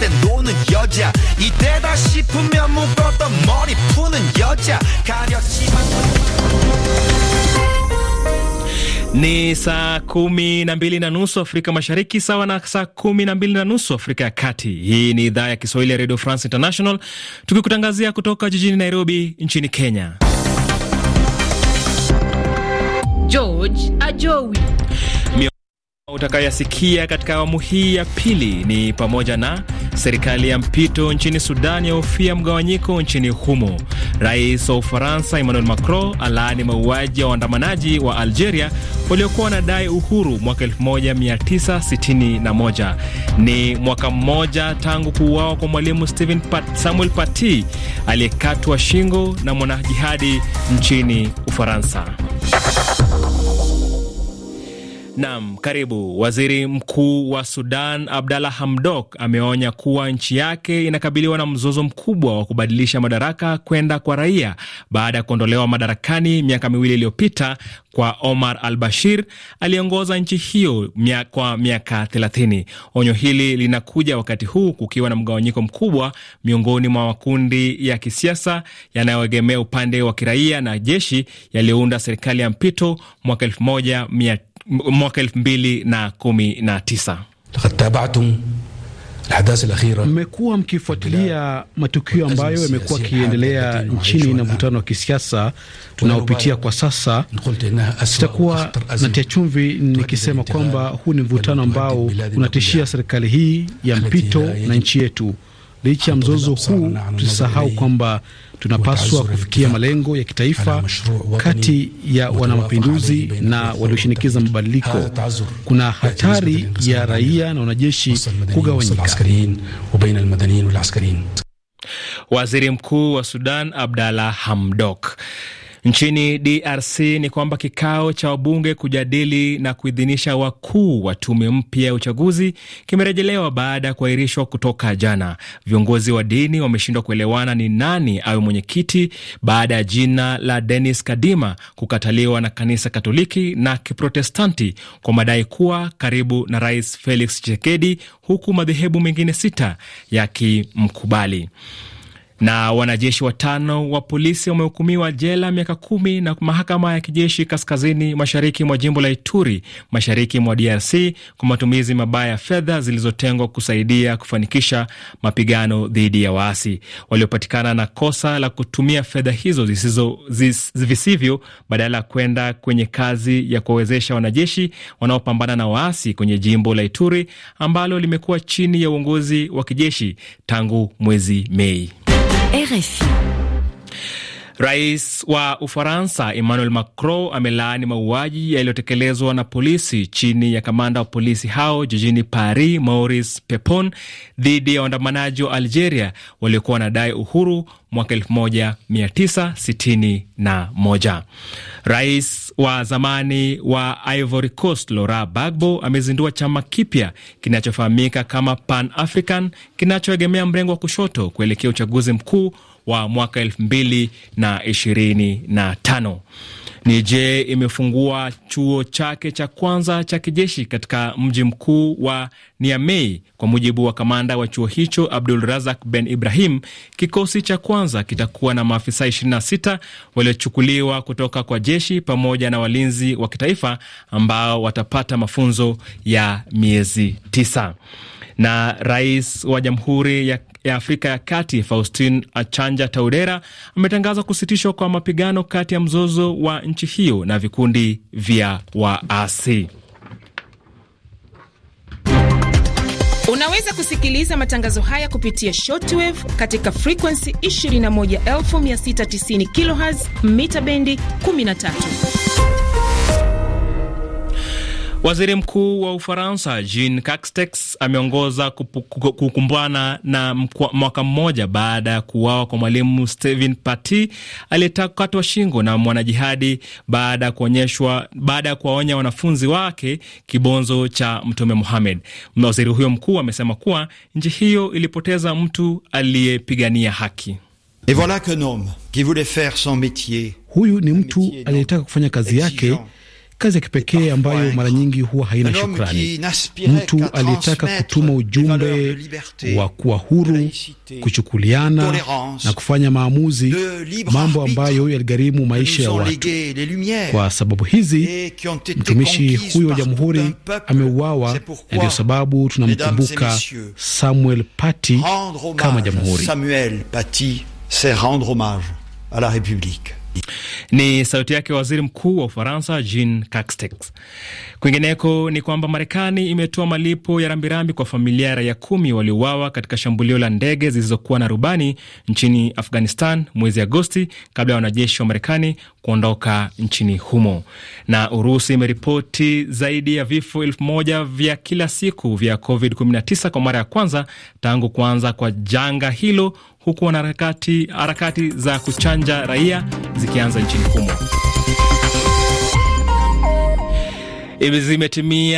때 노는 여자 이때다 싶으면 묶었던 머리 푸는 여자 가렸지만 ni saa kumi na mbili na nusu Afrika Mashariki, sawa na saa kumi na mbili na nusu Afrika ya Kati. Hii ni idhaa ya Kiswahili ya Radio France International, tukikutangazia kutoka jijini Nairobi nchini Kenya. George Ajowi katika awamu hii ya pili ni pamoja na Serikali ya mpito nchini Sudan yahofia mgawanyiko nchini humo. Rais wa Ufaransa Emmanuel Macron alaani mauaji ya waandamanaji wa Algeria waliokuwa wanadai uhuru mwaka 1961. Ni mwaka mmoja tangu kuuawa kwa mwalimu Stephen Pat Samuel Paty aliyekatwa shingo na mwanajihadi nchini Ufaransa. Nam, karibu. Waziri Mkuu wa Sudan Abdalla Hamdok ameonya kuwa nchi yake inakabiliwa na mzozo mkubwa wa kubadilisha madaraka kwenda kwa raia baada ya kuondolewa madarakani miaka miwili iliyopita kwa Omar al Bashir aliyeongoza nchi hiyo mia, kwa miaka 30. Onyo hili linakuja wakati huu kukiwa na mgawanyiko mkubwa miongoni mwa makundi ya kisiasa yanayoegemea upande wa kiraia na jeshi yaliyounda serikali ya mpito mwaka mia mwaka elfu mbili na kumi na tisa. Mmekuwa mkifuatilia matukio ambayo yamekuwa akiendelea nchini na mvutano wa kisiasa unaopitia kwa sasa. Sitakuwa natia chumvi nikisema kwamba huu ni mvutano ambao unatishia serikali hii ya mpito na nchi yetu. Licha ya mzozo huu, tusisahau kwamba tunapaswa kufikia malengo ya kitaifa kati ya wanamapinduzi na walioshinikiza mabadiliko. Kuna hatari ya raia na wanajeshi kugawanyika. Waziri Mkuu wa Sudan Abdalla Hamdok Nchini DRC ni kwamba kikao cha wabunge kujadili na kuidhinisha wakuu wa tume mpya ya uchaguzi kimerejelewa baada ya kuahirishwa kutoka jana. Viongozi wa dini wameshindwa kuelewana ni nani awe mwenyekiti baada ya jina la Denis Kadima kukataliwa na kanisa Katoliki na Kiprotestanti kwa madai kuwa karibu na Rais Felix Tshisekedi, huku madhehebu mengine sita yakimkubali. Na wanajeshi watano wa polisi wamehukumiwa jela miaka kumi na mahakama ya kijeshi kaskazini mashariki mwa jimbo la Ituri, mashariki mwa DRC kwa matumizi mabaya ya fedha zilizotengwa kusaidia kufanikisha mapigano dhidi ya waasi. Waliopatikana na kosa la kutumia fedha hizo zisizo zis, visivyo badala ya kwenda kwenye kazi ya kuwawezesha wanajeshi wanaopambana na waasi kwenye jimbo la Ituri ambalo limekuwa chini ya uongozi wa kijeshi tangu mwezi Mei. RFI. Rais wa Ufaransa Emmanuel Macron amelaani mauaji yaliyotekelezwa na polisi chini ya kamanda wa polisi hao jijini Paris, Maurice Pepon, dhidi ya waandamanaji wa Algeria waliokuwa wanadai uhuru mwaka 1961. Rais wa zamani wa Ivory Coast Laurent Gbagbo amezindua chama kipya kinachofahamika kama Pan African kinachoegemea mrengo wa kushoto kuelekea uchaguzi mkuu wa mwaka elfu mbili na ishirini na tano. Niger imefungua chuo chake cha kwanza cha kijeshi katika mji mkuu wa Niamey. Kwa mujibu wa kamanda wa chuo hicho Abdul Razak Ben Ibrahim, kikosi cha kwanza kitakuwa na maafisa 26 waliochukuliwa kutoka kwa jeshi pamoja na walinzi wa kitaifa ambao watapata mafunzo ya miezi tisa. Na rais wa Jamhuri ya ya Afrika ya Kati Faustin Achanja Taudera ametangaza kusitishwa kwa mapigano kati ya mzozo wa nchi hiyo na vikundi vya waasi. Unaweza kusikiliza matangazo haya kupitia shortwave katika frekuensi 21690 kHz mita bendi 13. Waziri mkuu wa Ufaransa Jean Castex ameongoza kukumbwana na mwaka mmoja baada ya kuuawa kwa mwalimu Stephen Paty aliyekatwa shingo na mwanajihadi baada ya kuwaonya wanafunzi wake kibonzo cha Mtume Muhammad. Waziri huyo mkuu amesema kuwa nchi hiyo ilipoteza mtu aliyepigania haki. Et voilà qui voulait faire son métier. Huyu ni mtu aliyetaka kufanya kazi yake kazi ya kipekee ambayo mara nyingi huwa haina shukrani. Mtu aliyetaka kutuma ujumbe wa kuwa huru, kuchukuliana na kufanya maamuzi, mambo ambayo yaligharimu maisha ya watu. Kwa sababu hizi mtumishi huyo wa jamhuri ameuawa, na ndio sababu tunamkumbuka Samuel Paty kama jamhuri. Samuel Paty, c'est rendre hommage à la République. Ni sauti yake waziri mkuu wa Ufaransa, Jean Castex. Kwingineko ni kwamba Marekani imetoa malipo ya rambirambi kwa familia ya raia kumi waliouawa katika shambulio la ndege zilizokuwa na rubani nchini Afghanistan mwezi Agosti, kabla ya wanajeshi wa Marekani kuondoka nchini humo. Na Urusi imeripoti zaidi ya vifo elfu moja vya kila siku vya COVID-19 kwa mara ya kwanza tangu kuanza kwa janga hilo huku wanaharakati harakati za kuchanja raia zikianza nchini humo. Zimetimia.